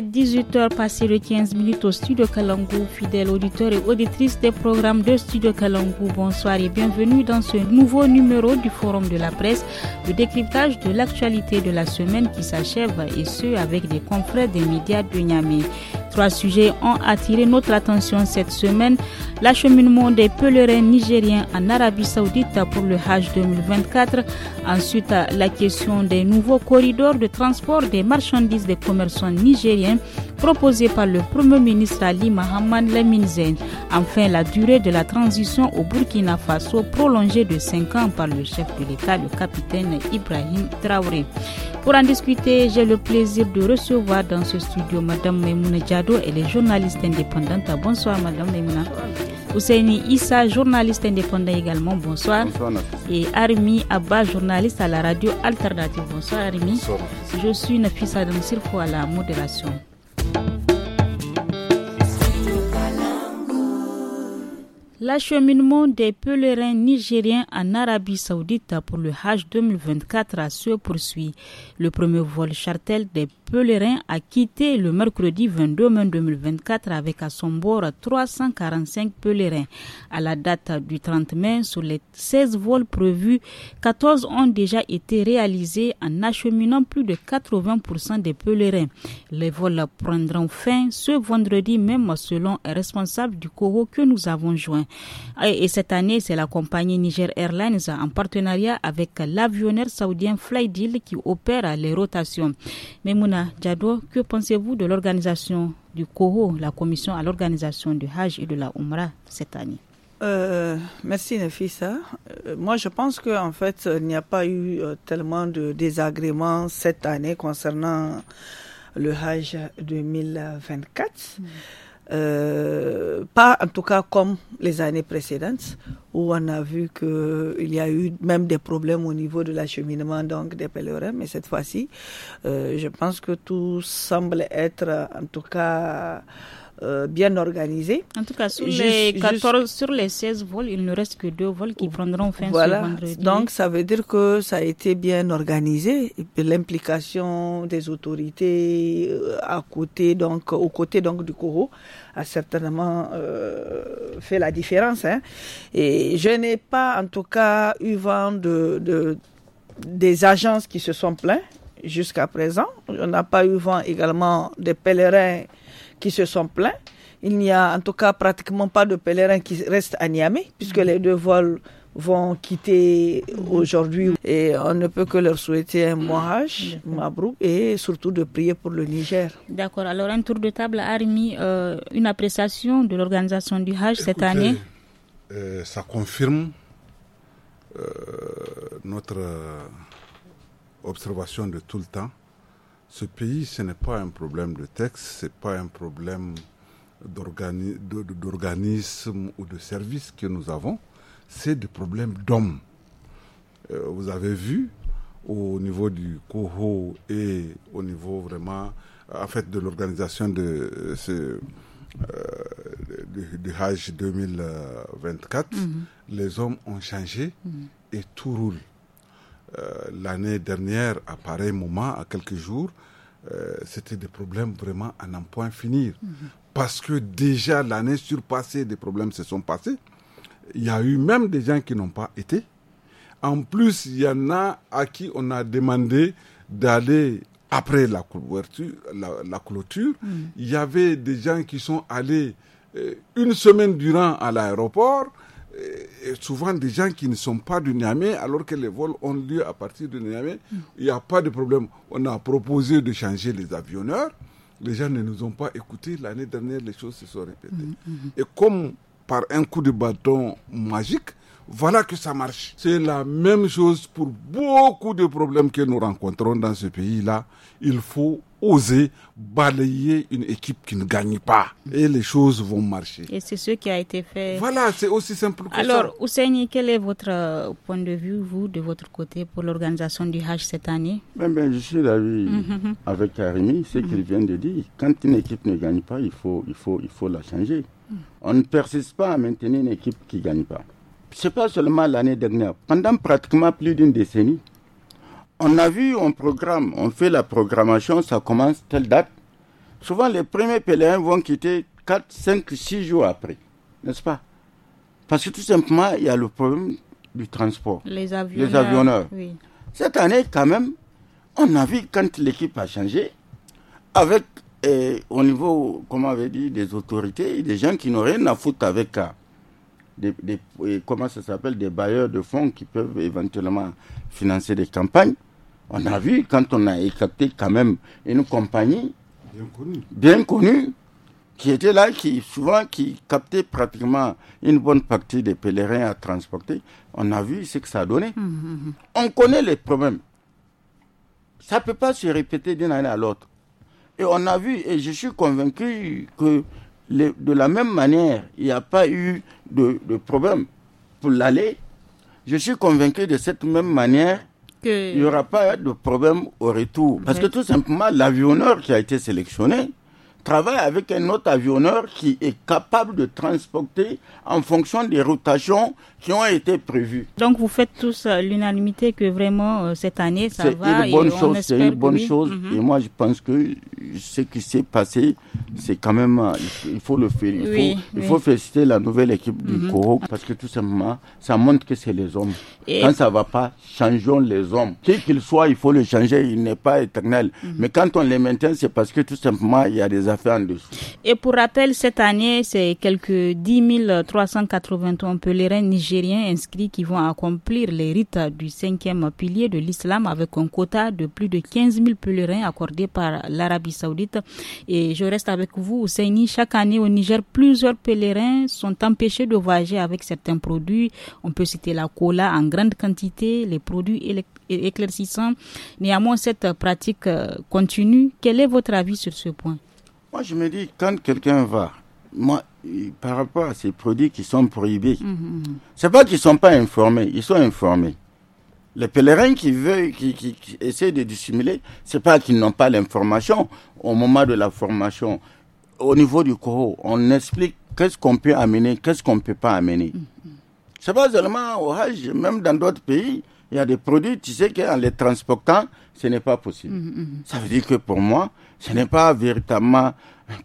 18h passé le 15 minutes au studio Kalangou. fidèle auditeur et auditrice des programmes de studio Kalangou, bonsoir et bienvenue dans ce nouveau numéro du Forum de la presse, le décryptage de l'actualité de la semaine qui s'achève et ce avec des confrères des médias de Niamey. Trois sujets ont attiré notre attention cette semaine. L'acheminement des pèlerins nigériens en Arabie saoudite pour le Hajj 2024. Ensuite, la question des nouveaux corridors de transport des marchandises des commerçants nigériens proposé par le Premier ministre Ali Mohamed Leminzen. Enfin, la durée de la transition au Burkina Faso prolongée de 5 ans par le chef de l'État, le capitaine Ibrahim Traoré. Pour en discuter, j'ai le plaisir de recevoir dans ce studio Madame Maimouna Diado, et les journalistes indépendants. Bonsoir Madame Maimouna. Ousseini Issa, journaliste indépendant également, bonsoir. bonsoir Et Armi Abba, journaliste à la radio Alternative. Bonsoir Armi. Bonsoir. Je suis Nafisa Adam Sirko à la modération. thank you L'acheminement des pèlerins nigériens en Arabie saoudite pour le Hajj 2024 se poursuit. Le premier vol chartel des pèlerins a quitté le mercredi 22 mai 2024 avec à son bord 345 pèlerins. À la date du 30 mai, sur les 16 vols prévus, 14 ont déjà été réalisés en acheminant plus de 80% des pèlerins. Les vols prendront fin ce vendredi même selon un responsable du Coro que nous avons joint. Et, cette année, c'est la compagnie Niger Airlines en partenariat avec l'avionneur saoudien Flydeal qui opère les rotations. Memouna Jadou, que pensez-vous de l'organisation du COHO, la commission à l'organisation du Hajj et de la Umrah cette année euh, merci Nefissa. Euh, moi, je pense qu'en fait, il n'y a pas eu euh, tellement de désagréments cette année concernant le Hajj 2024. Euh, pas en tout cas comme les années précédentes où on a vu qu'il y a eu même des problèmes au niveau de l'acheminement donc des pèlerins, mais cette fois-ci, euh, je pense que tout semble être en tout cas euh, bien organisé. En tout cas, sur, les sur les 16 vols, il ne reste que deux vols qui prendront fin ce vendredi. Donc, ça veut dire que ça a été bien organisé. L'implication des autorités euh, à côté, donc, aux côtés donc, du Coro a certainement euh, fait la différence. Hein. Et je n'ai pas, en tout cas, eu vent de, de des agences qui se sont plaintes jusqu'à présent. On n'a pas eu vent également des pèlerins qui se sont plaints. Il n'y a en tout cas pratiquement pas de pèlerins qui restent à Niamey, puisque les deux vols vont quitter aujourd'hui et on ne peut que leur souhaiter un bon Hajj, Mabrouk et surtout de prier pour le Niger. D'accord. Alors un tour de table a remis euh, une appréciation de l'organisation du Hajj cette année. Euh, ça confirme euh, notre observation de tout le temps ce pays, ce n'est pas un problème de texte, ce n'est pas un problème d'organisme ou de service que nous avons, c'est des problèmes d'hommes. Euh, vous avez vu au niveau du COHO et au niveau vraiment, en fait, de l'organisation de euh, euh, du, 2024, mhm. les hommes ont changé mhm. et tout roule. Euh, l'année dernière, à pareil moment, à quelques jours, euh, c'était des problèmes vraiment à n'en point finir. Mhm. Parce que déjà l'année surpassée, des problèmes se sont passés. Il y a eu même des gens qui n'ont pas été. En plus, il y en a à qui on a demandé d'aller après la couverture, la, clôture. Mhm. Il y avait des gens qui sont allés euh, une semaine durant à l'aéroport souvent des gens qui ne sont pas du Niamey, alors que les vols ont lieu à partir du Niamey. Il n'y a pas de problème. On a proposé de changer les avionneurs. Les gens ne nous ont pas écoutés. L'année dernière, les choses se sont répétées. Mm, mm, mm. Et comme par un coup de bâton magique, voilà que ça marche. C'est la même chose pour beaucoup de problèmes que nous rencontrons dans ce pays-là. Il faut oser balayer une équipe qui ne gagne pas. Et les choses vont marcher. Et c'est ce qui a été fait. Voilà, c'est aussi simple que ça. Alors, Ousseini, quel est votre euh, point de vue, vous, de votre côté, pour l'organisation du H cette année ben, ben, Je suis d'avis mhm. avec Karimi, ce mhm. qu'il vient de dire. Quand une équipe ne gagne pas, il faut, il faut, il faut la changer. Mhm. On ne persiste pas à maintenir une équipe qui ne gagne pas. Ce n'est pas seulement l'année dernière. Pendant pratiquement plus d'une décennie, on a vu, on programme, on fait la programmation, ça commence telle date. Souvent, les premiers pèlerins vont quitter 4, 5, 6 jours après, n'est-ce pas Parce que tout simplement, il y a le problème du transport. Les avionneurs. Les avionneurs. Cette année, quand même, on a vu quand l'équipe a changé, avec, eh, au niveau, comme avait dit, des autorités, des gens qui n'ont rien à foutre avec euh, des, eh, comment ça s'appelle, des bailleurs de fonds qui peuvent éventuellement financer des campagnes. On a vu quand on a capté quand même une compagnie bien connue, qui était là, qui souvent qui captait pratiquement une bonne partie des pèlerins à transporter. On a vu ce que ça a donné. Hum, hum, hum. On connaît les problèmes. Ça ne peut pas se répéter d'une année à l'autre. Et on a vu, et je suis convaincu que de la même manière, il n'y a pas eu de, de problème pour l'aller. Je suis convaincu de cette même manière il n'y aura pas de problème au retour. Parce que tout simplement, l'avionneur qui a été sélectionné, travaille avec un autre avionneur qui est capable de transporter en fonction des rotations qui ont été prévues. Donc vous faites tous euh, l'unanimité que vraiment euh, cette année ça va. C'est une bonne chose, c'est une bonne chose. Mhm. Et moi je pense que ce qui s'est passé, c'est quand même, euh, il faut le faire. Il, faut, il faut, féliciter la nouvelle équipe du mm parce que tout simplement, ça montre que c'est les hommes. quand ça ne va pas, changeons les hommes. Quel qu'il soit il faut le changer, il n'est pas éternel. Mhm. Mais quand on les maintient, c'est parce que tout simplement, il y a des et pour rappel, cette année, c'est quelques 10 381 pèlerins nigériens inscrits qui vont accomplir les rites du cinquième pilier de l'islam avec un quota de plus de 15 000 pèlerins accordés par l'Arabie saoudite. Et je reste avec vous, Ousseini. Chaque année au Niger, plusieurs pèlerins sont empêchés de voyager avec certains produits. On peut citer la cola en grande quantité, les produits éclaircissants. Néanmoins, cette pratique euh, continue. Quel est votre avis sur ce point moi, je me dis, quand quelqu'un va, moi, par rapport à ces produits qui sont prohibés, mhm, mhm. c'est pas qu'ils ne sont pas informés, ils sont informés. Les pèlerins qui veulent, qui, qui, essaient de dissimuler, c'est pas qu'ils n'ont pas l'information au moment de la formation. Au niveau du corps, on explique qu'est-ce qu'on peut amener, qu'est-ce qu'on peut pas amener. Mhm. C'est pas seulement au Hajj, même dans d'autres pays, il y a des produits, tu sais qu'en les transportant, ce n'est pas possible. Ça veut dire que pour moi, ce n'est pas véritablement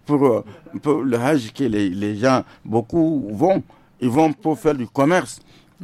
pour, le Hajj que les, gens, beaucoup vont. Ils vont pour faire du commerce.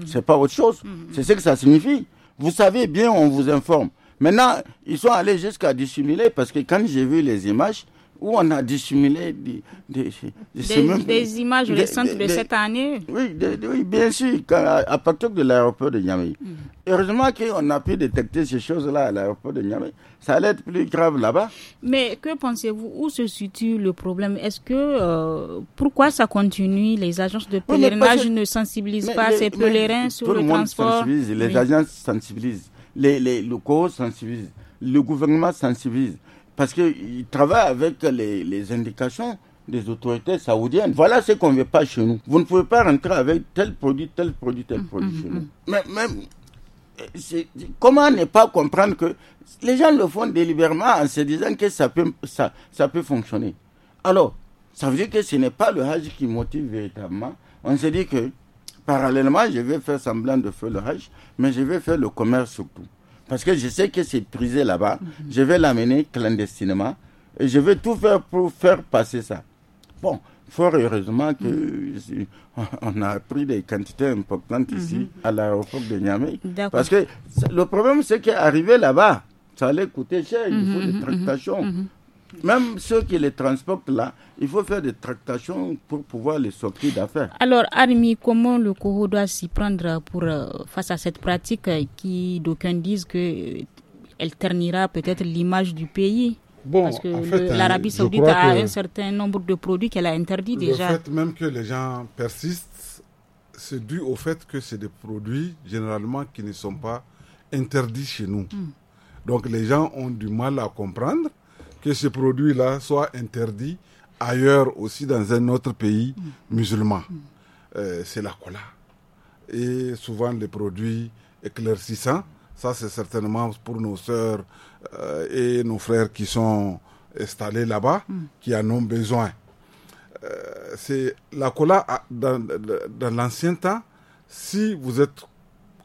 Ce n'est pas autre chose. Mm-hmm. C'est ce que ça signifie. Vous savez bien, on vous informe. Maintenant, ils sont allés jusqu'à dissimuler parce que quand j'ai vu les images, où on a dissimulé des, des, images récentes de cette année. Oui, oui bien sûr, à, partir de l'aéroport de Niamey. Mm. Heureusement qu'on a pu détecter ces choses-là à l'aéroport de Niamey. Ça allait être plus grave là-bas. Mais que pensez-vous Où se situe le problème Est-ce que. Euh, pourquoi ça continue Les agences de pèlerinage ne sensibilisent pas ces pèlerins sur le, monde transport sensibilise, Les agences sensibilisent. Les, les locaux sensibilisent. Le gouvernement sensibilise parce qu'ils travaillent avec les, indications des autorités saoudiennes. Voilà ce qu'on ne veut pas chez nous. Vous ne pouvez pas rentrer avec tel produit, tel produit, tel mm, mm, produit chez mm. nous. Mais euh, comment ne pas comprendre que les gens le font délibérément en se disant que ça peut, ça, ça peut fonctionner. Alors, ça veut dire que ce n'est pas le Hajj qui motive véritablement. On se dit que parallèlement, je vais faire semblant de faire le Hajj, mais je vais faire le commerce surtout parce que je sais que c'est prisé là-bas, je vais l'amener clandestinement et je vais tout faire pour faire passer ça. Bon, fort heureusement que on a pris des quantités importantes ici mhm. à l'aéroport de Niamey. Parce que le problème, c'est qu'arriver là-bas, ça allait coûter cher, il faut des mhm, mhm, tractations. Même ceux qui les transportent là, il faut faire des tractations pour pouvoir les sortir d'affaires. Alors, Armi, comment le Coho doit s'y prendre pour, euh, face à cette pratique euh, qui, d'aucuns disent euh, elle ternira peut-être l'image du pays Bon, Parce que hein, l'Arabie saoudite a un certain nombre de produits qu'elle a interdits déjà. Le fait même que les gens persistent, c'est dû au fait que c'est des produits généralement qui ne sont pas interdits chez nous. Hmm. Donc les gens ont du mal à comprendre que ce produit-là soit interdit ailleurs aussi dans un autre pays musulman. Mm. Euh, c'est la cola. Et souvent les produits éclaircissants, ça c'est certainement pour nos sœurs euh, et nos frères qui sont installés là-bas, mm. qui en ont besoin. Euh, c'est la cola ah, dans, l'ancien temps, si vous êtes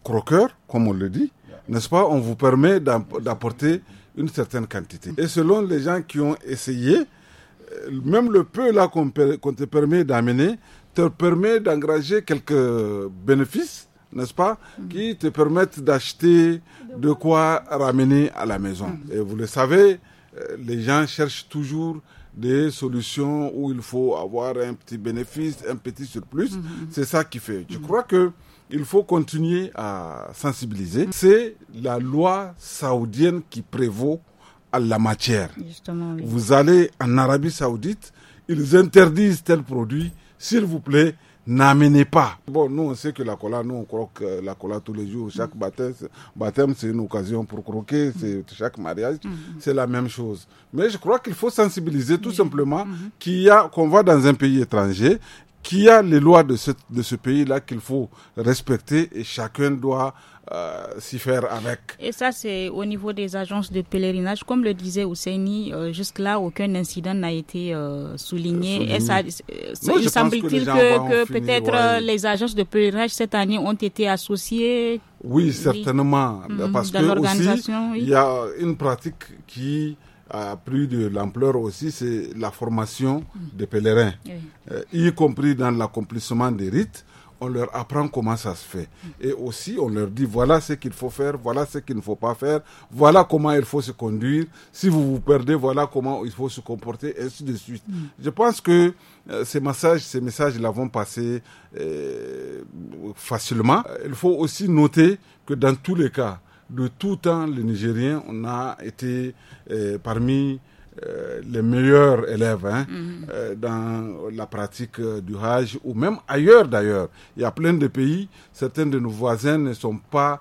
croqueur, comme on le dit, n'est-ce pas, on vous permet d'apporter une certaine quantité. Et selon les gens qui ont essayé, euh, même le peu là qu'on te permet d'amener te permet d'engranger quelques bénéfices, n'est-ce pas, qui te permettent d'acheter de quoi ramener à la maison. Et vous le savez, euh, les gens cherchent toujours des solutions où il faut avoir un petit bénéfice, un petit surplus. Mm-hmm. C'est ça qui fait. Je crois que il faut continuer à sensibiliser. C'est la loi saoudienne qui prévaut à la matière. Vous allez en Arabie saoudite, ils interdisent tel produit, s'il vous plaît, n'amenez pas. Bon, nous, on sait que la cola, nous, on croque euh, la cola tous les jours. Chaque baptême, baptême c'est une occasion pour croquer. Mm-hmm. C'est chaque mariage, mm-hmm. c'est la même chose. Mais je crois qu'il faut sensibiliser tout simplement mm-hmm. qu'il y a, qu'on va dans un pays étranger, qu'il y a les lois de ce, de ce pays-là qu'il faut respecter et chacun doit euh, s'y faire avec. Et ça, c'est au niveau des agences de pèlerinage. Comme le disait Ousseini, euh, jusque-là, aucun incident n'a été euh, souligné. Et ça, il semble-t-il que, peut-être les agences de pèlerinage cette année ont été associées. Oui, certainement. Parce mm, que aussi, il y a une pratique qui a pris de l'ampleur aussi, c'est la formation mm. des pèlerins, euh, y compris dans l'accomplissement des rites. On leur apprend comment ça se fait. Mm. Et aussi, on leur dit voilà ce qu'il faut faire, voilà ce qu'il ne faut pas faire, voilà comment il faut se conduire. Si vous vous perdez, voilà comment il faut se comporter, et ainsi de suite. Mm. Je pense que euh, ces messages, ces messages, l'avons passé euh, facilement. Il faut aussi noter que dans tous les cas, de tout temps, les Nigériens, on a été euh, parmi euh, les meilleurs élèves hein, mhm. euh, dans la pratique du Hajj ou même ailleurs d'ailleurs. Il y a plein de pays, certains de nos voisins ne sont pas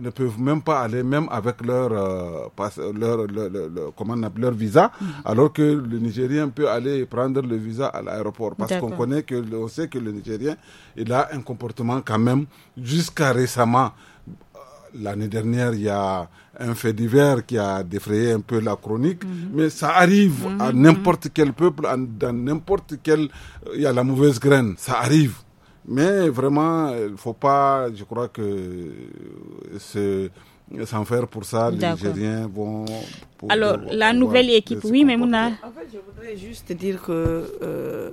ne peuvent même pas aller même avec leur leur, leur visa mhm. alors que le Nigérien peut aller prendre le visa à l'aéroport parce qu'on connaît que on sait que le Nigérien il a un comportement quand même jusqu'à récemment l'année dernière, il y a un fait divers qui a défrayé un peu la chronique, mhm. mais ça arrive à mhm. n'importe quel peuple, dans n'importe quel... Euh, il y a la mauvaise graine, ça arrive. Mais vraiment, il ne faut pas, je crois que euh, sans faire pour ça, les Nigériens vont. Alors, euh, la nouvelle équipe, oui, mais Mouna. En fait, je voudrais juste dire que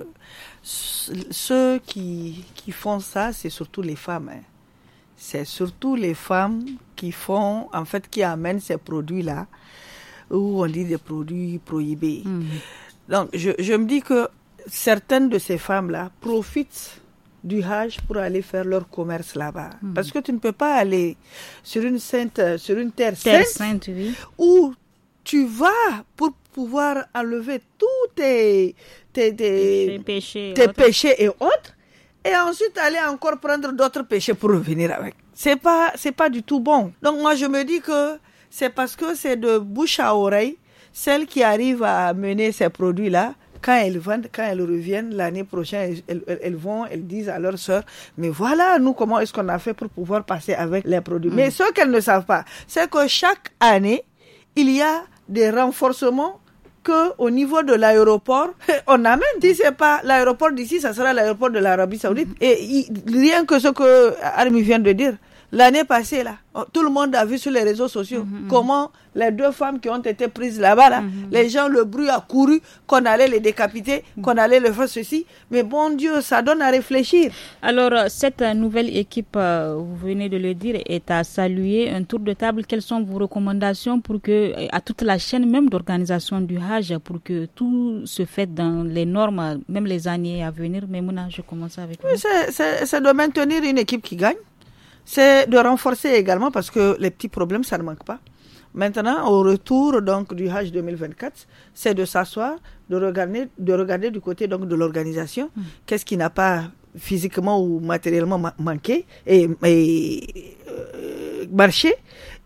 ceux qui, qui, font ça, c'est surtout les femmes. Hein c'est surtout les femmes qui font, en fait, qui amènent ces produits-là, où on dit des produits prohibés. Mm. Donc, je, me dis que certaines de ces femmes-là profitent du Hajj pour aller faire leur commerce là-bas. Mm. Parce que tu ne peux pas aller sur une, sainte, sur une terre, sainte, où tu vas pour pouvoir enlever tous tes, tes, tes, tes péchés, et autres et ensuite aller encore prendre d'autres péchés pour revenir avec. C'est pas, c'est pas du tout bon. Donc moi je me dis que c'est parce que c'est de bouche à oreille, celles qui arrivent à mener ces produits-là, quand elles vendent, quand elles reviennent l'année prochaine, elles, vont, elles disent à leur sœur, mais voilà, nous, comment est-ce qu'on a fait pour pouvoir passer avec les produits. Mais mm. ce qu'elles ne savent pas, c'est que chaque année, il y a des renforcements que au niveau de l'aéroport, on a même dit c'est pas l'aéroport d'ici, ça sera l'aéroport de l'Arabie Saoudite. Mm-hmm. Et rien que ce que Armi vient de dire, L'année passée, là, oh, tout le monde a vu sur les réseaux sociaux mhm, mhm. comment les deux femmes qui ont été prises là-bas, mhm, les gens, le bruit a couru, qu'on allait les décapiter, qu'on allait le faire ceci. Mais bon Dieu, ça donne à réfléchir. Alors, euh, cette euh, nouvelle équipe, euh, vous venez de le dire, est à saluer. Un tour de table, quelles sont vos recommandations pour que, à toute la chaîne même d'organisation du Hajj, pour que tout se fasse dans les normes, même les années à venir. Mais Mouna, je commence avec oui, vous. C'est de maintenir une équipe qui gagne c'est de renforcer également parce que les petits problèmes, ça ne manque pas. Maintenant, au retour donc du h 2024, c'est de s'asseoir, de regarder, de regarder du côté donc de l'organisation, hum. qu'est-ce qui n'a pas physiquement ou matériellement manqué et, euh, marché,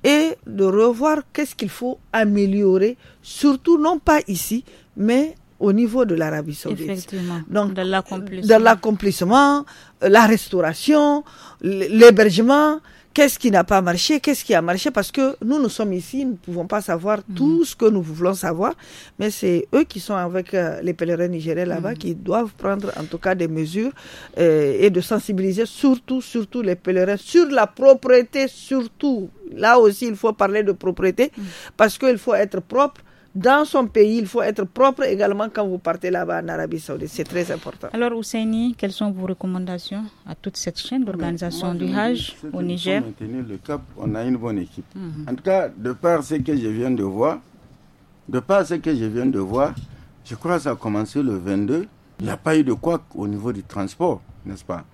et de revoir qu'est-ce qu'il faut améliorer, surtout non pas ici, mais au niveau de l'Arabie saoudite. Donc, de l'accomplissement, la restauration, l'hébergement, qu'est-ce qui n'a pas marché, qu'est-ce qui a marché, parce que nous, nous sommes ici, nous ne pouvons pas savoir mhm. tout ce que nous voulons savoir, mais c'est eux qui sont avec euh, les pèlerins nigériens là-bas mhm. qui doivent prendre en tout cas des mesures euh, et de sensibiliser surtout, surtout les pèlerins sur la propriété, surtout. Là aussi, il faut parler de propriété, mhm. parce qu'il faut être propre dans son pays, il faut être propre également quand vous partez là-bas en Arabie Saoudite. C'est très important. Alors, Ousseini, quelles sont vos recommandations à toute cette chaîne d'organisation du Hajj au Niger le cap, on a une bonne équipe. Mhm. En tout cas, de par ce que je viens de voir, de par ce que je viens de voir, je crois que ça a commencé le 22. Il n'y a pas eu de quoi au niveau du transport, n'est-ce pas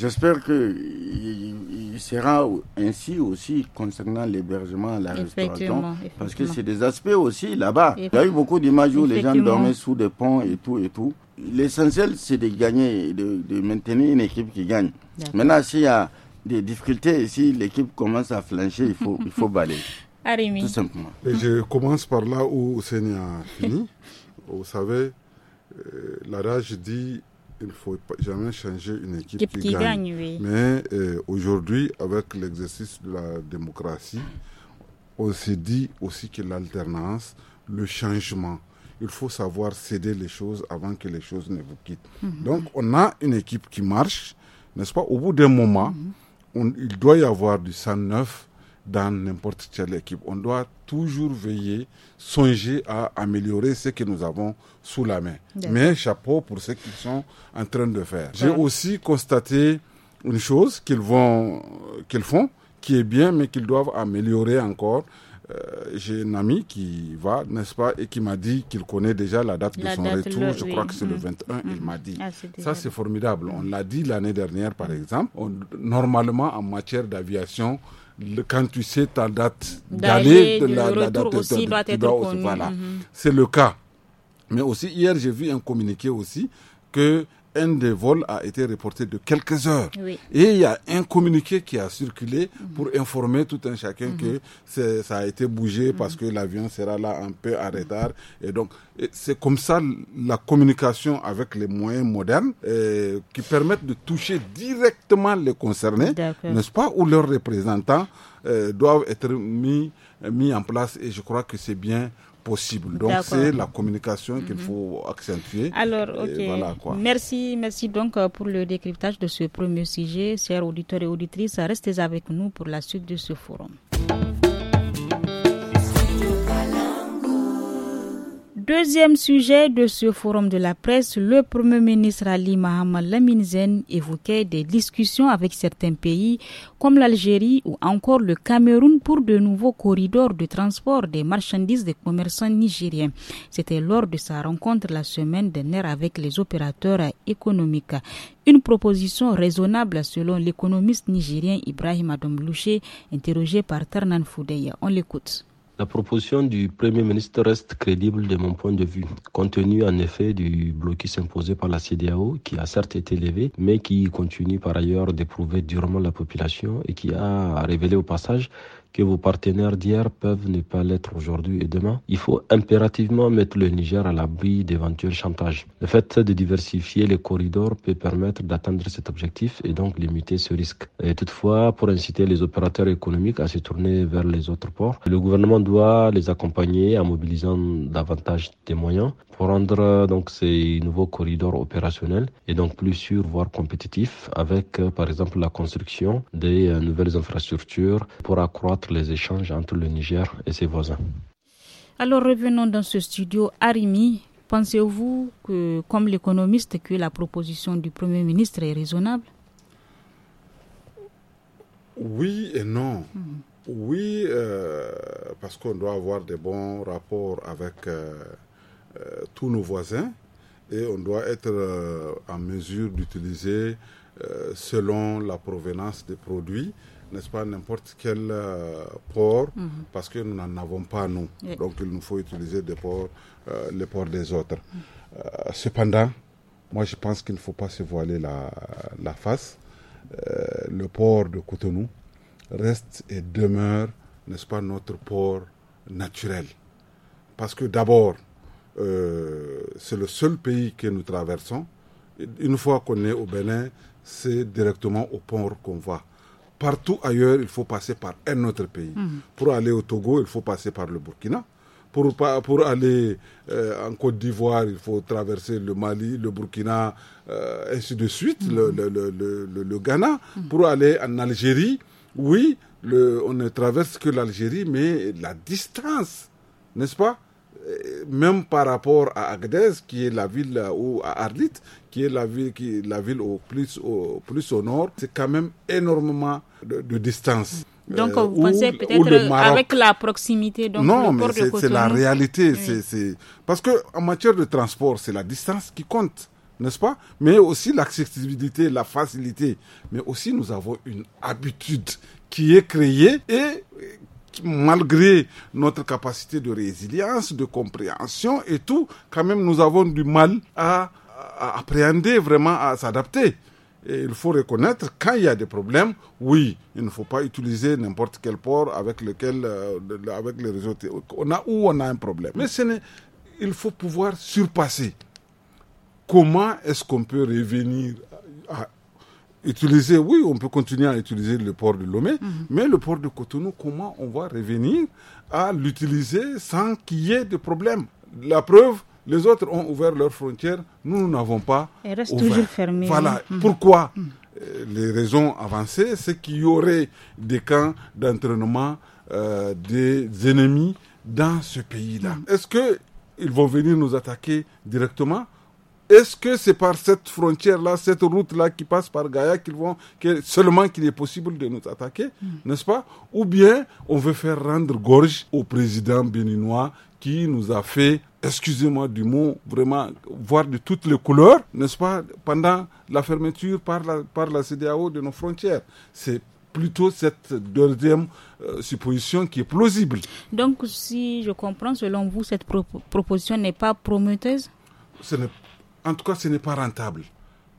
J'espère qu'il sera ainsi aussi concernant l'hébergement, la restauration, parce que c'est des aspects aussi là-bas. Il y a eu beaucoup d'images où les gens dormaient sous des ponts et tout et tout. L'essentiel, c'est de gagner, de, maintenir une équipe qui gagne. Maintenant, s'il y a des difficultés, si l'équipe commence à flancher, il faut, il faut balayer. Ah, tout simplement. je commence par là où Ouseni a fini. Vous savez, euh, la rage dit il ne faut jamais changer une équipe, qui, gagne. Mais euh, aujourd'hui, avec l'exercice de la démocratie, on s'est dit aussi que l'alternance, le changement, il faut savoir céder les choses avant que les choses ne vous quittent. Mhm. Donc, on a une équipe qui marche, n'est-ce pas Au bout d'un moment, mhm. il doit y avoir du sang neuf dans n'importe quelle équipe. On doit toujours veiller, songer à améliorer ce que nous avons sous la main. Mais chapeau pour ce qu'ils sont en train de faire. J'ai aussi constaté une chose qu'ils vont, qu'ils font, qui est bien, mais qu'ils doivent améliorer encore. Euh, j'ai un ami qui va, n'est-ce pas, et qui m'a dit qu'il connaît déjà la date de son retour. Je crois que c'est le 21, mm. il mm. m'a dit. Ah, Ça, c'est formidable. On l'a dit l'année dernière, par mm. exemple. normalement, en matière d'aviation, quand tu sais ta date d'aller, de la, date aussi doit être aussi, mhm. C'est le cas. Mais aussi, hier, j'ai vu un communiqué aussi que un des vols a été reporté de quelques heures. Et il y a un communiqué qui a circulé mhm. pour informer tout un chacun que mhm. ça a été bougé mhm. parce que l'avion sera là un peu en retard. Et donc, c'est comme ça la communication avec les moyens modernes euh, qui permettent de toucher directement les concernés, n'est-ce pas, ou leurs représentants euh, doivent être mis, mis en place. Et je crois que c'est bien possible. Donc c'est la communication qu'il mhm. faut accentuer. Alors, Merci, merci donc euh, pour le décryptage de ce premier sujet. Chers auditeurs et auditrices, restez avec nous pour la suite de ce forum. deuxième sujet de ce forum de la presse, le Premier ministre Ali Mohamed Laminzen évoquait des discussions avec certains pays comme l'Algérie ou encore le Cameroun pour de nouveaux corridors de transport des marchandises des commerçants nigériens. C'était lors de sa rencontre la semaine dernière avec les opérateurs économiques. Une proposition raisonnable selon l'économiste nigérien Ibrahim Adam Louché, interrogé par Ternan Foudeya. On l'écoute. La proposition du Premier ministre reste crédible de mon point de vue, compte tenu en effet du blocus imposé par la CDAO, qui a certes été levé, mais qui continue par ailleurs d'éprouver durement la population et qui a révélé au passage que vos partenaires d'hier peuvent ne pas l'être aujourd'hui et demain. Il faut impérativement mettre le Niger à l'abri d'éventuels chantages. Le fait de diversifier les corridors peut permettre d'atteindre cet objectif et donc limiter ce risque. toutefois, pour inciter les opérateurs économiques à se tourner vers les autres ports, le gouvernement doit les accompagner en mobilisant davantage des moyens pour rendre donc ces nouveaux corridors opérationnels et donc plus sûrs, voire compétitifs, avec euh, par exemple la construction des euh, nouvelles infrastructures pour accroître les échanges entre le Niger et ses voisins. Alors revenons dans ce studio. Arimi, pensez-vous que, comme l'économiste, que la proposition du Premier ministre est raisonnable Oui et non. Hmm. Oui, euh, parce qu'on doit avoir des bons rapports avec euh, tous nos voisins et on doit être euh, en mesure d'utiliser euh, selon la provenance des produits n'est-ce pas, n'importe quel port, mhm. parce que nous n'en avons pas, nous. Donc, il nous faut utiliser des ports, les ports des autres. cependant, moi, je pense qu'il ne faut pas se voiler la, la face. le port de Cotonou reste et demeure, n'est-ce pas, notre port naturel. Parce que d'abord, euh, c'est le seul pays que nous traversons. Une fois qu'on est au Bénin, c'est directement au port qu'on va. Partout ailleurs, il faut passer par un autre pays. Mhm. Pour aller au Togo, il faut passer par le Burkina. Pour, aller euh, en Côte d'Ivoire, il faut traverser le Mali, le Burkina, et euh, ainsi de suite, le, mhm. Ghana. Mhm. Pour aller en Algérie, oui, on ne traverse que l'Algérie, mais la distance, n'est-ce pas euh, même par rapport à Agdez, qui est la ville euh, ou à Arlit, qui est la ville, qui est la ville au plus au, plus au nord, c'est quand même énormément de, distance. Donc euh, vous pensez peut-être avec la proximité donc Non, mais c'est la réalité. C'est Parce que en matière de transport, c'est la distance qui compte, n'est-ce pas Mais aussi l'accessibilité, la facilité. Mais aussi, nous avons une habitude qui est créée et malgré notre capacité de résilience, de compréhension et tout, quand même nous avons du mal à, appréhender, vraiment à s'adapter. Et il faut reconnaître quand il y a des problèmes, oui, il ne faut pas utiliser n'importe quel port avec lequel, euh, avec les réseaux. On a où on a un problème. Mais ce il faut pouvoir surpasser. Comment est-ce qu'on peut revenir à utiliser, oui, on peut continuer à utiliser le port de Lomé, mhm. mais le port de Cotonou, comment on va revenir à l'utiliser sans qu'il y ait de problème La preuve, les autres ont ouvert leurs frontières, nous n'avons pas. Elles toujours Voilà, mhm. pourquoi mhm. Euh, Les raisons avancées, c'est qu'il y aurait des camps d'entraînement euh, des ennemis dans ce pays-là. Est-ce que ils vont venir nous attaquer directement est-ce que c'est par cette frontière-là, cette route-là qui passe par Gaïa qu'ils vont, seulement qu'il est possible de nous attaquer, hmm. n'est-ce pas Ou bien on veut faire rendre gorge au président béninois qui nous a fait, excusez-moi du mot, vraiment voir de toutes les couleurs, n'est-ce pas, pendant la fermeture par la, par CDAO de nos frontières. C'est plutôt cette deuxième euh, supposition qui est plausible. Donc, si je comprends, selon vous, cette proposition n'est pas prometteuse Ce n'est en tout cas, ce n'est pas rentable.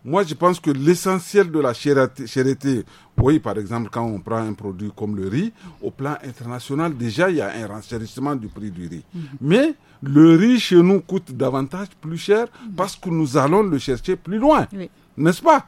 Moi, je pense que l'essentiel de la chérité, oui, par exemple, quand on prend un produit comme le riz, au plan international, déjà, il y a un renchérissement du prix du riz. Mhm. Mais le riz chez nous coûte davantage plus cher mhm. parce que nous allons le chercher plus loin. N'est-ce pas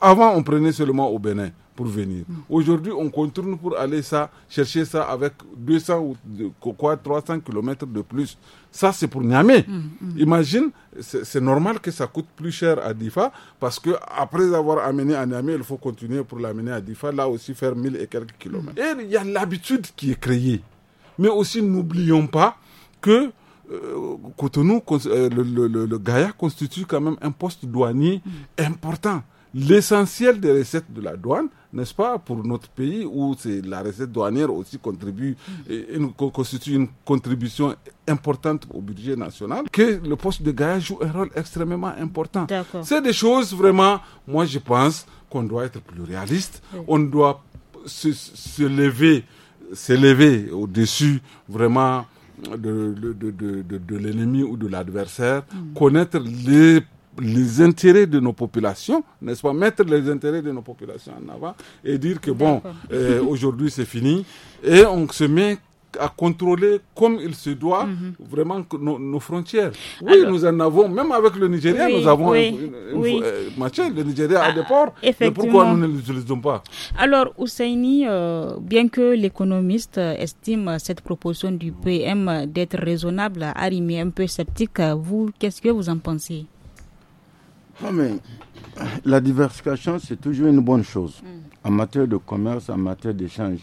Avant, on prenait seulement au Bénin pour venir. Aujourd'hui, on contourne pour aller ça, chercher ça avec 200 ou quoi, 300 km de plus. Ça, c'est pour Niamey. Mm, mm. Imagine, c'est normal que ça coûte plus cher à Difa parce que après avoir amené à Niamey, il faut continuer pour l'amener à Difa, là aussi faire 1000 et quelques kilomètres. Mm. Et il y a l'habitude qui est créée. Mais aussi, n'oublions pas que euh, nous, euh, le, le, Gaïa constitue quand même un poste douanier important l'essentiel des recettes de la douane, n'est-ce pas, pour notre pays où c'est la recette douanière aussi contribue, mm. constitue une contribution importante au budget national, que le poste de gage joue un rôle extrêmement important. C'est des choses vraiment, moi je pense qu'on doit être plus réaliste, on doit se, se lever, s'élever au-dessus vraiment de, de, l'ennemi ou de l'adversaire, mm. connaître les les intérêts de nos populations, n'est-ce pas Mettre les intérêts de nos populations en avant et dire que bon, euh, aujourd'hui c'est fini et on se met à contrôler comme il se doit mhm. vraiment nos, frontières. Oui, nous en avons, même avec le Nigeria, nous avons euh, le Nigeria a ah, des ports, mais pourquoi nous ne l'utilisons pas Alors, Ousseini, euh, bien que l'économiste estime cette proposition du PM d'être raisonnable, Arimi un peu sceptique, vous, qu'est-ce que vous en pensez non, mais la diversification, c'est toujours une bonne chose mm. en matière de commerce, en matière d'échange.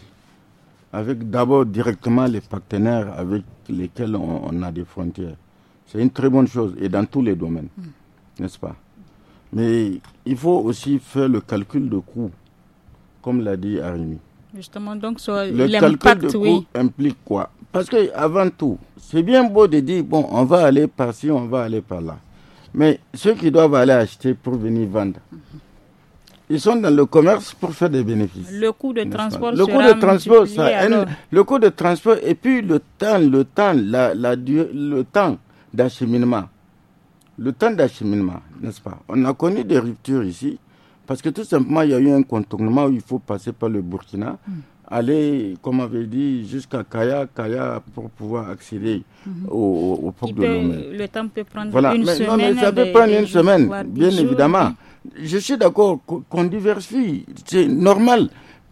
Avec d'abord directement les partenaires avec lesquels on, a des frontières. C'est une très bonne chose et dans tous les domaines, mm. n'est-ce pas Mais il faut aussi faire le calcul de coût, comme l'a dit Arimi. Justement, donc, sur le calcul de implique quoi Parce que avant tout, c'est bien beau de dire bon, on va aller par ci, on va aller par là. Mais ceux qui doivent aller acheter pour venir vendre, ils sont dans le commerce pour faire des bénéfices. Le coût de transport, le coût de le coût de transport et puis le temps, le temps, la, le temps d'acheminement, le temps d'acheminement, n'est-ce pas On a connu des ruptures ici parce que tout simplement il y a eu un contournement où il faut passer par le Burkina. Hmm aller, comme on avait dit, jusqu'à Kaya, Kaya pour pouvoir accéder mhm. au, au, port de Le temps peut prendre une semaine. Non, mais ça peut prendre une semaine, bien évidemment. Je suis d'accord qu'on diversifie, c'est normal.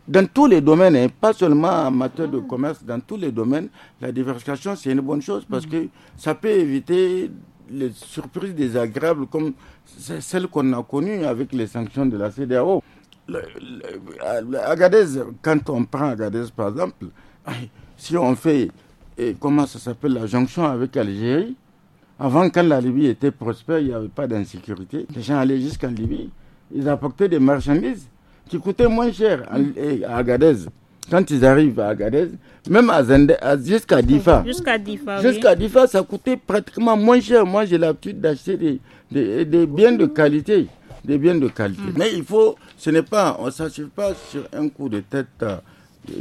Dans tous les domaines, et hein, pas seulement en matière de commerce, dans tous les domaines, la diversification, c'est une bonne chose parce mhm. que ça peut éviter les surprises désagréables comme celles qu'on a connues avec les sanctions de la CDAO. Agadez, quand on prend Agadez par exemple, si on fait, et comment ça s'appelle, la jonction avec l'Algérie, avant quand la Libye était prospère, il n'y avait pas d'insécurité. Les gens allaient jusqu'en Libye, ils apportaient des marchandises qui coûtaient moins cher à Agadez quand ils arrivent à Agadez, même jusqu'à Difa. Jusqu'à Difa, Jusqu'à ça coûtait pratiquement moins cher. Moi, j'ai l'habitude d'acheter des, des, biens de qualité des biens de qualité. Mm. Mais il faut, ce n'est pas, on ne pas sur un coup de tête, euh,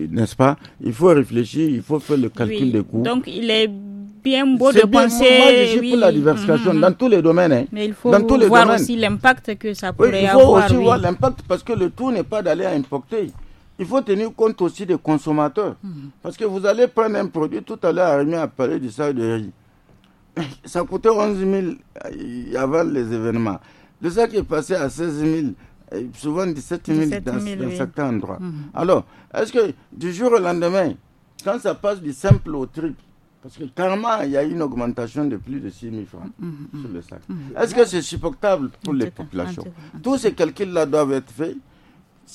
n'est-ce pas Il faut réfléchir, il faut faire le calcul des coûts. Donc il est bien beau de bien, penser. Moi, je suis pour la diversification mm-hmm. dans tous les domaines. Hein. Mais il faut voir aussi l'impact que ça pourrait avoir. il faut aussi voir l'impact parce que le tout n'est pas d'aller à importer. Il faut tenir compte aussi des consommateurs. Mm-hmm. Parce que vous allez prendre un produit, tout à l'heure, Armée a parlé du sac de riz. Ça coûtait 11 000 euh, avant les événements. Le sac est passé à 16 000 euh, souvent 17 000, dans, certains endroits. Mhm. Alors, est-ce que du jour au lendemain, quand ça passe du simple au triple, parce que carrément, il y a une augmentation de plus de 6 000 francs mhm, mhm. sur le sac, est-ce que c'est supportable pour les populations Tous ces calculs-là doivent être faits.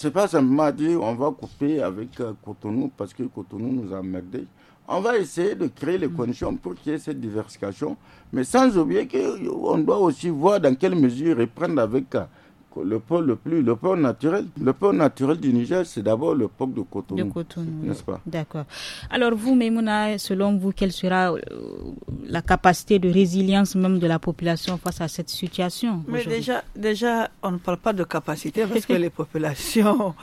n'est pas simplement dire on va couper avec euh, Cotonou parce que Cotonou nous a emmerdés on va essayer de créer les mm. conditions pour qu'il y ait cette diversification, mais sans oublier qu'on doit aussi voir dans quelle mesure et prendre avec euh, le pôle plus, le naturel. Le pôle naturel du Niger, c'est d'abord le pôle de Cotonou. D'accord. Alors vous, Memouna, selon vous, quelle sera euh, la capacité de résilience même de la population face à cette situation Mais déjà, déjà, on ne parle pas de capacité parce que les populations,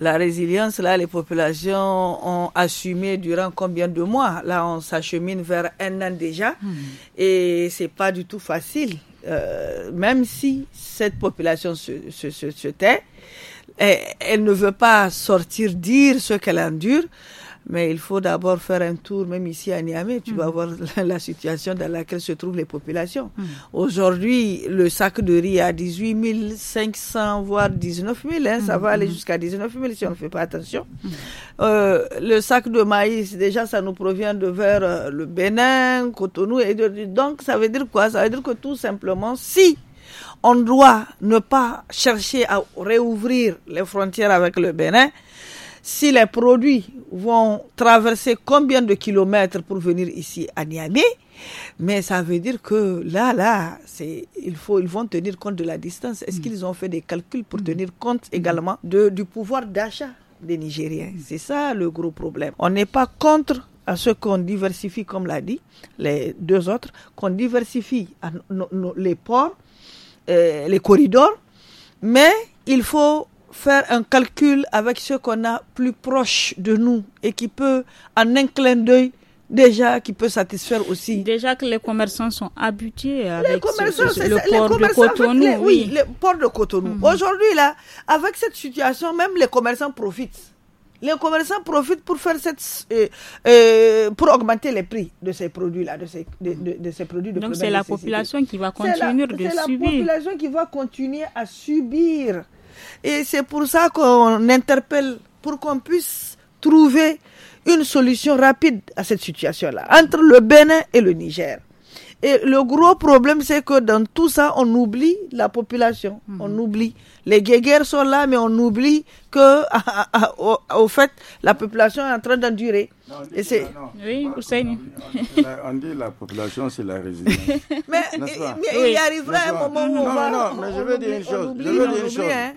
la résilience, là, les populations ont assumé durant combien de mois Là, on s'achemine vers un an déjà, hmm. et c'est pas du tout facile euh, même si cette population se, tait, eh, elle ne veut pas sortir dire ce qu'elle endure, mais il faut d'abord faire un tour, même ici à Niamey, tu vas mm. voir la, situation dans laquelle se trouvent les populations. Mm. Aujourd'hui, le sac de riz à 18 500, voire 19 000, hein, ça mm, va aller jusqu'à 19 000 si on ne fait pas attention. Euh, le sac de maïs, déjà, ça nous provient de vers euh, le Bénin, Cotonou. Et donc, ça veut dire quoi Ça veut dire que tout simplement, si on doit ne pas chercher à réouvrir les frontières avec le Bénin, si les produits vont traverser combien de kilomètres pour venir ici à Niamey, mais ça veut dire que là, là, c'est, il faut, ils vont tenir compte de la distance. Est-ce mm. qu'ils ont fait des calculs pour mm. tenir compte mm. également du pouvoir d'achat des Nigériens C'est ça le gros problème. On n'est pas contre à ce qu'on diversifie, comme l'a dit les deux autres, qu'on diversifie à les ports, euh, les corridors, mais il faut faire un calcul avec ce qu'on a plus proche de nous et qui peut, en un clin d'œil, déjà qui peut satisfaire aussi. Déjà que les commerçants sont habitués avec les commerçants, le, port les de Cotonou. Oui, de Cotonou. Aujourd'hui, là, avec cette situation, même les commerçants profitent. Les commerçants profitent pour faire cette, euh, euh, pour augmenter les prix de ces produits-là, de ces, de, de, ces produits Donc c'est la population qui va continuer de subir. C'est la population qui va continuer à subir et c'est pour ça qu'on interpelle pour qu'on puisse trouver une solution rapide à cette situation-là, entre le Bénin et le Niger. Et le gros problème, c'est que dans tout ça, on oublie la population, mhm. on oublie les guerres sont là, mais on oublie que, ah, ah, ah, au, fait, la population est en train d'endurer. Et c'est... Oui, Hussein. On dit la population, c'est la résilience. mais, il y il arrivera un moment où. Non, on non, non, mais je veux dire une chose. je veux dire une chose. Hein.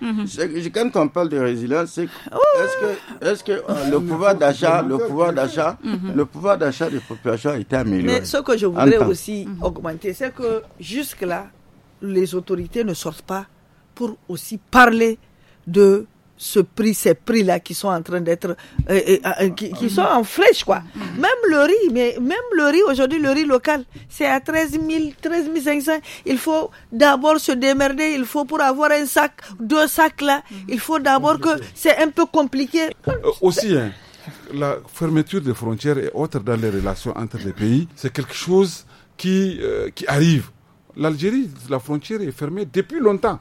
Mhm. Quand on parle de résilience, c'est oh. est-ce que, est -ce que euh, le pouvoir d'achat, le pouvoir d'achat, mhm. le pouvoir d'achat des populations a été amélioré. Mais ce que je voudrais aussi mhm. augmenter, c'est que jusque-là, les autorités ne sortent pas pour aussi parler de ce prix, ces prix-là qui sont en train d'être, euh, euh, euh, qui, sont en flèche, quoi. Mm. Même le riz, mais même le riz, aujourd'hui, le riz local, c'est à 13 000, 13 500. Il faut d'abord se démerder, il faut pour avoir un sac, deux sacs là, mm-hmm. il faut d'abord que c'est un peu compliqué. aussi, hein, la fermeture des frontières et autres dans les relations entre les pays, c'est quelque chose qui, qui arrive l'Algérie, la frontière est fermée depuis longtemps.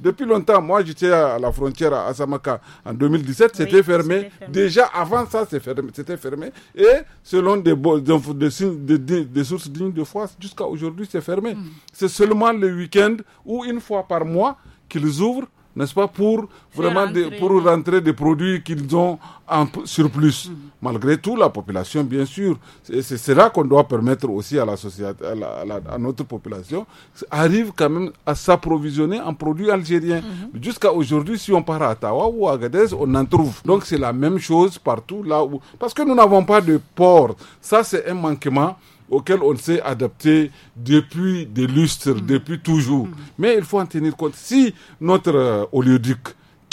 Depuis longtemps, moi j'étais à la frontière à Samaka en 2017, c'était fermé. Déjà avant ça, c'était fermé. Et selon des, des, sources dignes de foi, jusqu'à aujourd'hui, c'est fermé. Mm. C'est seulement le week-end ou une fois par mois qu'ils ouvrent n'est-ce pas, pour vraiment rentrer. pour hein. rentrer des produits qu'ils ont en surplus. Mhm. Malgré tout, la population, bien sûr, c'est là qu'on doit permettre aussi à la société, à, notre population, arrive quand même à s'approvisionner en produits algériens. Mhm. Jusqu'à aujourd'hui, si on part à Ottawa ou à Gadez, on en trouve. Donc c'est la même chose partout là où, parce que nous n'avons pas de port. Ça, c'est un manquement auquel on s'est adapté depuis des lustres, mm. depuis toujours. Mm. Mais il faut en tenir compte. Si notre euh,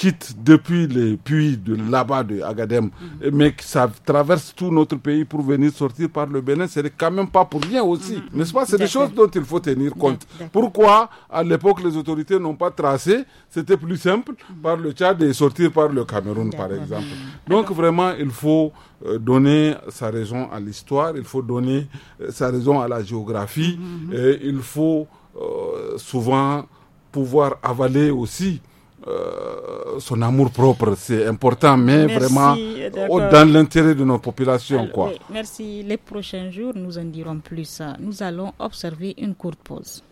quitte depuis les puits de là-bas de Agadem, mhm. mais ça traverse tout notre pays pour venir sortir par le Bénin, c'est quand même pas pour rien aussi, mhm. n'est-ce pas C'est des choses dont il faut tenir compte. Pourquoi à l'époque les autorités n'ont pas tracé C'était plus simple mhm. par le Tchad et sortir par le Cameroun, par exemple. Donc vraiment, il faut euh, donner sa raison à l'histoire, il faut donner euh, sa raison à la géographie, et il faut euh, souvent pouvoir avaler aussi euh, son amour propre, c'est important, mais vraiment dans l'intérêt de nos populations. quoi. Euh, merci. Les prochains jours, nous en dirons plus. Nous allons observer une courte pause.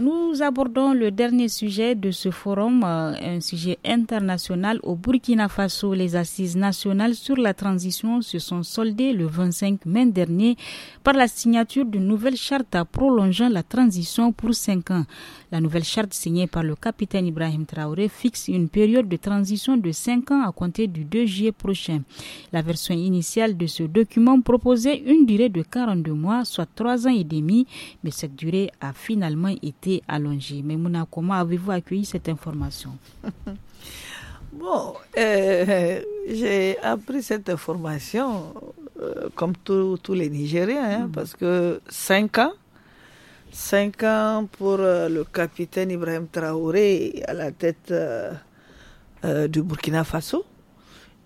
Nous abordons le dernier sujet de ce forum, euh, un sujet international au Burkina Faso. Les assises nationales sur la transition se sont soldées le 25 mai dernier par la signature d'une nouvelle charte prolongeant la transition pour cinq ans. La nouvelle charte signée par le capitaine Ibrahim Traoré fixe une période de transition de cinq ans à compter du 2 juillet prochain. La version initiale de ce document proposait une durée de 42 mois, soit trois ans et demi, mais cette durée a finalement été allongé. Mais Mouna, comment avez-vous accueilli cette information Bon, euh, j'ai appris cette information euh, comme tous les Nigériens, hein, mm. parce que cinq ans, cinq ans pour euh, le capitaine Ibrahim Traoré à la tête du Burkina Faso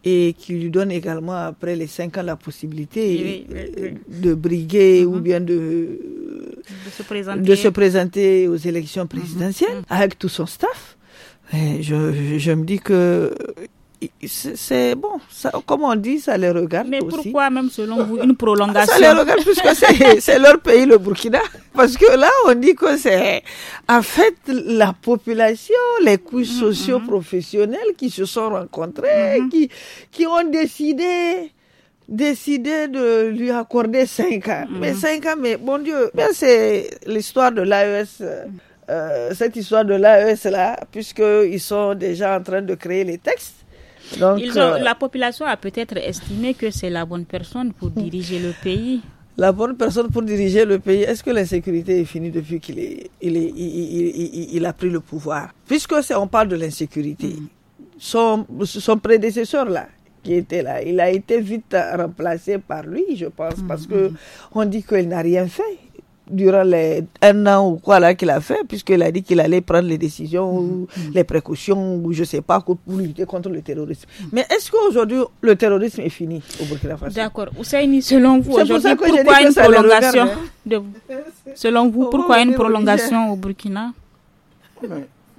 et qui lui donne également après les cinq ans la possibilité de briguer ou mhm. bien de de se, présenter. aux élections mhm. présidentielles mhm. avec tout son staff. je me dis que c'est bon, ça, comme on dit, ça les regarde. Mais pourquoi même selon vous une prolongation Ça les regarde puisque c'est leur pays, le Burkina. Parce que là, on dit que c'est en fait la population, les couches mm-hmm. socioprofessionnelles professionnelles qui se sont rencontrées, mm-hmm. qui, qui ont décidé décidé de lui accorder 5 ans. Mm-hmm. Mais 5 ans, mais bon Dieu, c'est l'histoire de l'AES. Euh, cette histoire de l'AES là, puisqu'ils sont déjà en train de créer les textes. Euh, la population a peut-être estimé que c'est la bonne personne pour diriger le pays. La bonne personne pour diriger le pays, est-ce que l'insécurité est finie depuis qu'il a pris le pouvoir Puisque on parle de l'insécurité, mm. son, son prédécesseur là, qui était là. Il a été vite remplacé par lui, je pense, mm, parce que mm. on dit qu'il n'a rien fait durant les un an ou quoi là qu'il a fait, puisqu'il a dit qu'il allait prendre les décisions mm-hmm. les précautions ou je sais pas pour lutter contre le terrorisme. Mm-hmm. Mais est-ce qu'aujourd'hui le terrorisme est fini au Burkina Faso D'accord. selon vous, pourquoi une prolongation hein. Selon vous, pourquoi une prolongation au Burkina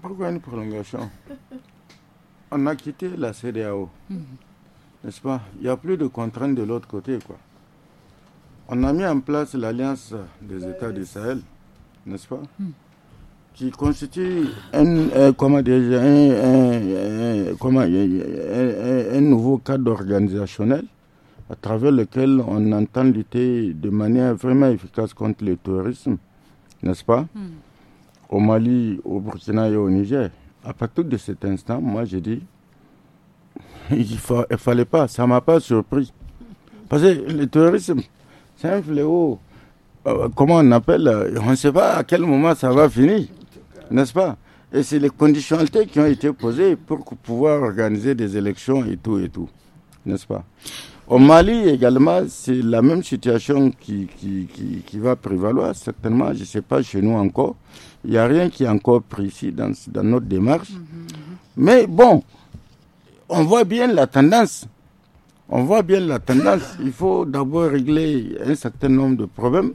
Pourquoi une prolongation On a quitté la CDAO, mm-hmm. n'est-ce pas Il n'y a plus de contraintes de l'autre côté, quoi. On a mis en place l'Alliance des États du Sahel, n'est-ce pas hmm. Qui constitue un, euh, comment comment, un, nouveau cadre organisationnel à travers lequel on entend lutter de manière vraiment efficace contre le terrorisme, n'est-ce pas hmm. Au Mali, au Burkina et au Niger. À partir de cet instant, moi j'ai dit, il ne fallait pas, ça ne m'a pas surpris. Parce que le terrorisme, c'est un fléau. Euh, comment on appelle euh, On ne sait pas à quel moment ça va finir, n'est-ce pas Et c'est les conditionnalités qui ont été posées pour pouvoir organiser des élections et tout et tout, n'est-ce pas Au Mali également, c'est la même situation qui, qui, va prévaloir, certainement, je ne sais pas chez nous encore. Il n'y a rien qui est encore précis dans, notre démarche. Mhm, mhm. Mais bon, on voit bien la tendance on voit bien la tendance. Il faut d'abord régler un certain nombre de problèmes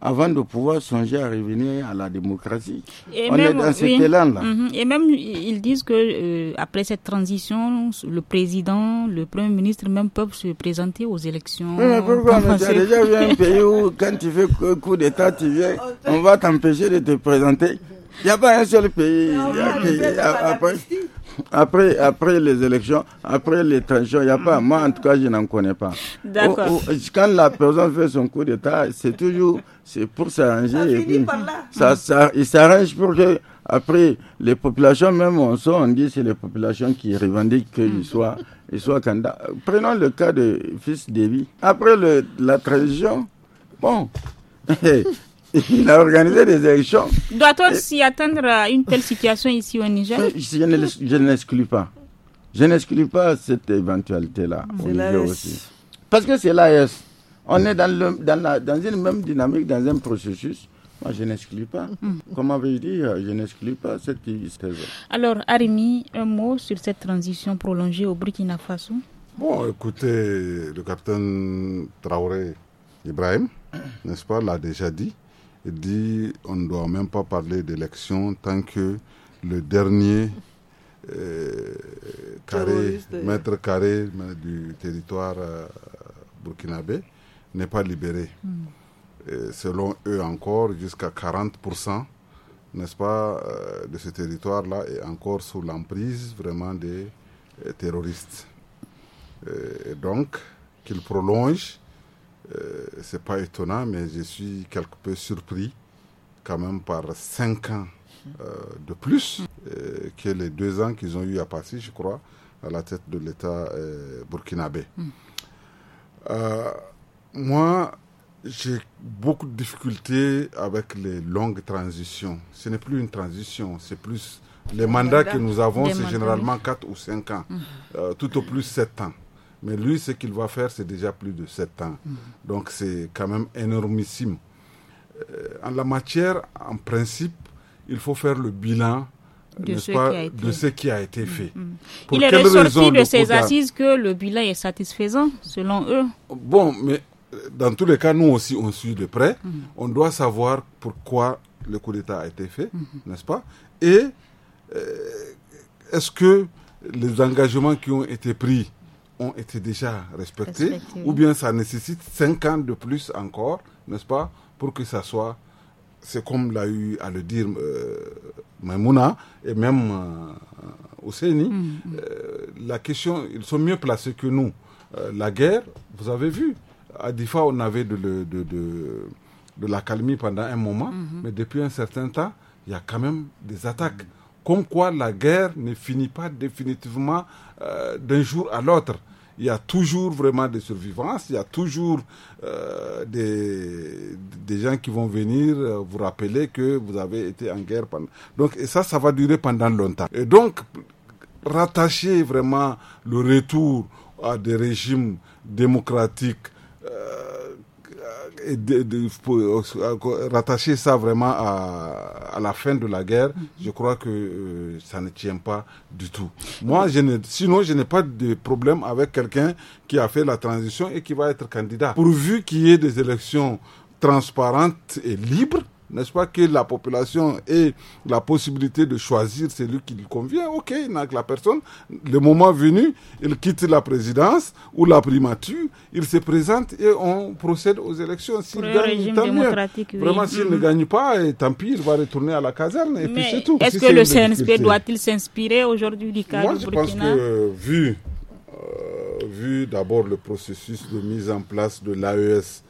avant de pouvoir songer à revenir à la démocratie. on est dans cet élan-là. Mhm. Et même, ils disent que euh, après cette transition, le président, le premier ministre même peuvent se présenter aux élections. Mais, pourquoi on a déjà vu un pays où, quand tu fais coup d'État, tu viens, on va t'empêcher de te présenter. Il n'y a pas un seul pays. Non, y a, après, après les élections, après les tensions, il n'y a pas. Moi, en tout cas, je n'en connais pas. D'accord. Quand la personne fait son coup d'État, c'est toujours c'est pour s'arranger. Ça, ça, il s'arrange pour que, après, les populations, même on sort, on dit c'est les populations qui revendiquent qu'ils soient, ils soit candidats. Prenons le cas de Fils Déby. Après le, la transition, bon, eh, il a organisé des élections. Doit-on s'y attendre à une telle situation ici au Niger Je n'exclus pas. Je n'exclus pas cette éventualité-là au Niger aussi. Parce que c'est là On est dans, dans, une même dynamique, dans un processus. Moi, je n'exclus pas. Mm. Comment Comme avait dit, je n'exclus pas cette histoire. Alors, Arimi, un mot sur cette transition prolongée au Burkina Faso Bon, écoutez, le capitaine Traoré Ibrahim, n'est-ce pas, l'a déjà dit dit on ne doit même pas parler d'élection tant que le dernier euh, carré, mètre carré du territoire euh, burkinabé n'est pas libéré. Hmm. selon eux encore, jusqu'à 40%, n'est-ce pas, euh, de ce territoire-là est encore sous l'emprise vraiment des terroristes. donc, qu'il prolonge. Euh, c'est pas étonnant, mais je suis quelque peu surpris quand même par cinq ans euh, de plus euh, que les deux ans qu'ils ont eu à passer, je crois, à la tête de l'État burkinabé. Hmm. moi, j'ai beaucoup de difficultés avec les longues transitions. Ce n'est plus une transition, c'est plus... Les mandats que nous avons, c'est généralement 4 ou 5 ans, hmm. tout au plus sept ans. Mais lui, ce qu'il va faire, c'est déjà plus de 7 ans. Mm. Donc c'est quand même énormissime. Euh, en la matière, en principe, il faut faire le bilan de ce, qui a été mm, fait. Mm. Il est ressorti de, ces assises que le bilan est satisfaisant, selon eux. Bon, mais euh, dans tous les cas, nous aussi, on suit de près. On doit savoir pourquoi le coup d'État a été fait, n'est-ce pas Et euh, est-ce que les engagements qui ont été pris ont été déjà respectés, ou bien ça nécessite 5 ans de plus encore, n'est-ce pas, pour que ça soit, c'est comme l'a eu à le dire euh, Maimouna et même euh, mm. euh la question, ils sont mieux placés que nous. Euh, la guerre, vous avez vu, à Difa, on avait de, de, de, de, pendant un moment, mm-hmm. mais depuis un certain temps, il y a quand même des attaques. Mm. Comme quoi la guerre ne finit pas définitivement euh, d'un jour à l'autre. Il y a toujours vraiment des survivances, il y a toujours euh, des, des, gens qui vont venir euh, vous rappeler que vous avez été en guerre. Pendant... Donc et ça, ça va durer pendant longtemps. Et donc, rattacher vraiment le retour à des régimes démocratiques euh, de, euh, rattacher ça vraiment à, la fin de la guerre, mhm. je crois que euh, ça ne tient pas du tout. Moi, je sinon, je n'ai pas de problème avec quelqu'un qui a fait la transition et qui va être candidat. Pourvu qu'il y ait des élections transparentes et libres, n'est-ce pas que la population ait la possibilité de choisir celui qui lui convient Ok, il n'a que la personne. Le moment venu, il quitte la présidence ou la primature, il se présente et on procède aux élections. S'il gagne, tant mieux. Vraiment, s'il ne mhm. gagne pas, et eh, tant pis, il va retourner à la caserne et puis c'est tout. Est-ce que le CNSP doit-il s'inspirer aujourd'hui du cas Moi, je pense que, vu, euh, vu d'abord le processus de mise en place de l'AES,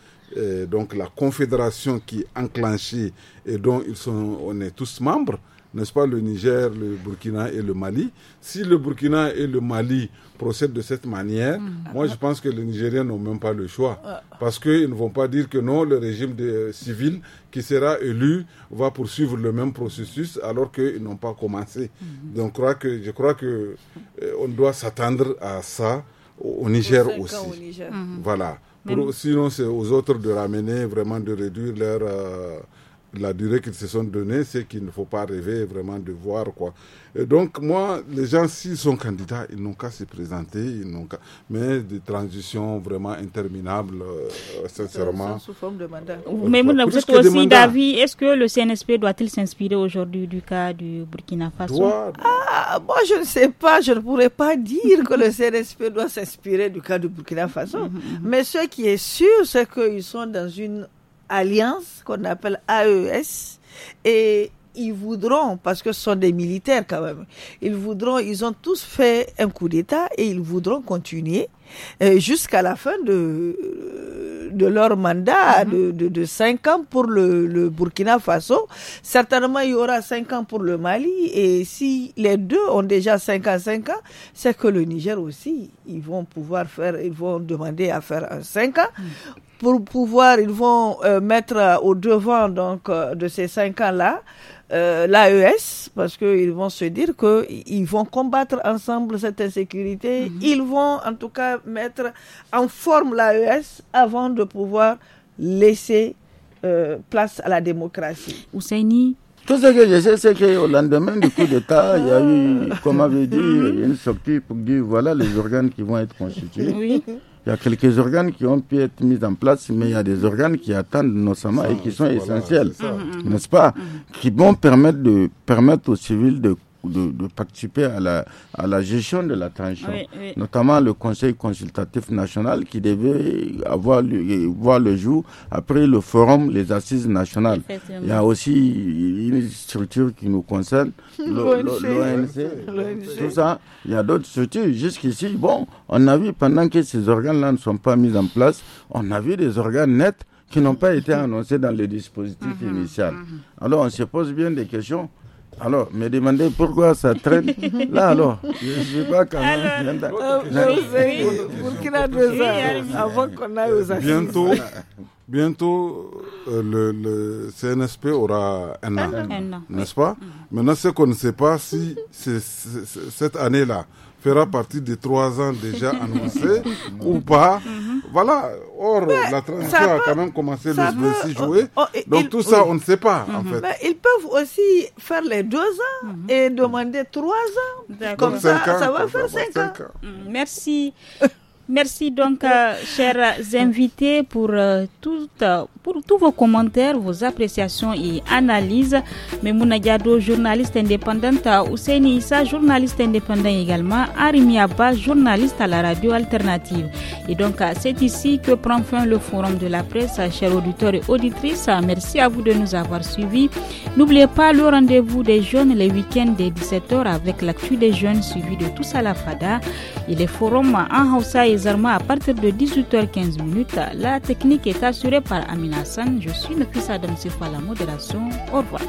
donc la confédération qui est enclenchée et dont ils sont, on est tous membres, n'est-ce pas, le Niger, le Burkina et le Mali. Si le Burkina et le Mali procèdent de cette manière, hmm. moi je pense que les Nigériens n'ont même pas le choix. Euh. Parce qu'ils ne vont pas dire que non, le régime de, euh, civil qui sera élu va poursuivre le même processus alors qu'ils n'ont pas commencé. Hmm. Donc je crois que, je crois euh, on doit s'attendre à ça au, Niger aussi. Hmm. Voilà sinon, c'est aux autres de ramener, vraiment de réduire leur, euh, la durée qu'ils se sont donnée, c'est qu'il ne faut pas rêver vraiment de voir quoi. donc moi, les gens s'ils sont candidats, ils n'ont qu'à se présenter, ils n'ont Mais des transitions vraiment interminables, euh, sincèrement. Euh, sous forme de mandat. Mais vous, êtes aussi d'avis. Est-ce que le CNSP doit-il s'inspirer aujourd'hui du cas du Burkina Faso Ah, moi je ne sais pas, je ne pourrais pas dire que le CNSP doit s'inspirer du cas du Burkina Faso. Mm-hmm, mm-hmm. Mais ce qui est sûr, c'est qu'ils sont dans une alliance qu'on appelle AES et ils voudront, parce que ce sont des militaires quand même, ils voudront, ils ont tous fait un coup d'État et ils voudront continuer jusqu'à la fin de, de leur mandat mhm. de, de, 5 ans pour le, Burkina Faso. Certainement, il y aura 5 ans pour le Mali. Et si les deux ont déjà 5 ans, 5 ans, c'est que le Niger aussi, ils vont pouvoir faire, ils vont demander à faire un 5 ans. Mhm. Pour pouvoir, ils vont euh, mettre au devant donc euh, de ces 5 ans-là euh, l'AES parce qu'ils vont se dire qu'ils vont combattre ensemble cette insécurité. Mhm. Ils vont en tout cas mettre en forme l'AES avant de pouvoir laisser euh, place à la démocratie. Ousseini tout ce que je sais, c'est qu'au lendemain du coup d'État, il y a eu, ah. comme avait dit, une sortie pour dire voilà les organes qui vont être constitués. Oui. Il y a quelques organes qui ont pu être mis en place, mais il y a des organes qui attendent notamment et qui sont essentiels, n'est-ce pas, mm-hmm. qui vont permettre de permettre aux civils de de, participer à la, à la gestion de la tension, notamment le Conseil consultatif national qui devait avoir voir le jour après le forum, les assises nationales. Il y a aussi une structure qui nous concerne, l'ONC, tout ça. Il y a d'autres structures. Jusqu'ici, bon, on a vu pendant que ces organes-là ne sont pas mis en place, on a vu des organes nets qui n'ont pas été annoncés dans le dispositif mm-hmm. initial. Mm-hmm. Alors on se pose bien des questions. Alors, me demandez pourquoi ça traîne. Là, alors, je ne sais pas quand même. Euh, avant qu'on aille aux Bientôt, bientôt euh, le, CNSP aura un an, n'est-ce pas mm. Maintenant, ce qu'on ne sait pas, si cette année-là fera partie des trois ans déjà annoncés ou pas. Mm. Voilà. Or, la transition a quand même commencé le se oh, oh, donc, tout ça, on ne sait pas, en mhm. fait. ils peuvent aussi faire les deux ans mhm. et demander trois ans. Comme ça, ça va faire cinq, ans. Mm, merci. Merci donc, euh, chers invités, pour euh, tout pour tous vos commentaires, vos appréciations et analyses. Memouna Diado, journaliste indépendante, Ousseini Issa, journaliste indépendant également, Arimi Abba, journaliste à la radio alternative. Et donc, c'est ici que prend fin le forum de la presse. Chers auditeurs et auditrices, merci à vous de nous avoir suivis. N'oubliez pas le rendez-vous des jeunes les week-ends des 17h avec l'actu des jeunes suivi de tout ça la FADA et les forums en Hausa et Zarma à partir de 18h15. La technique est assurée par Amina je suis Nafisa Adam Sifo à la modération. Au revoir.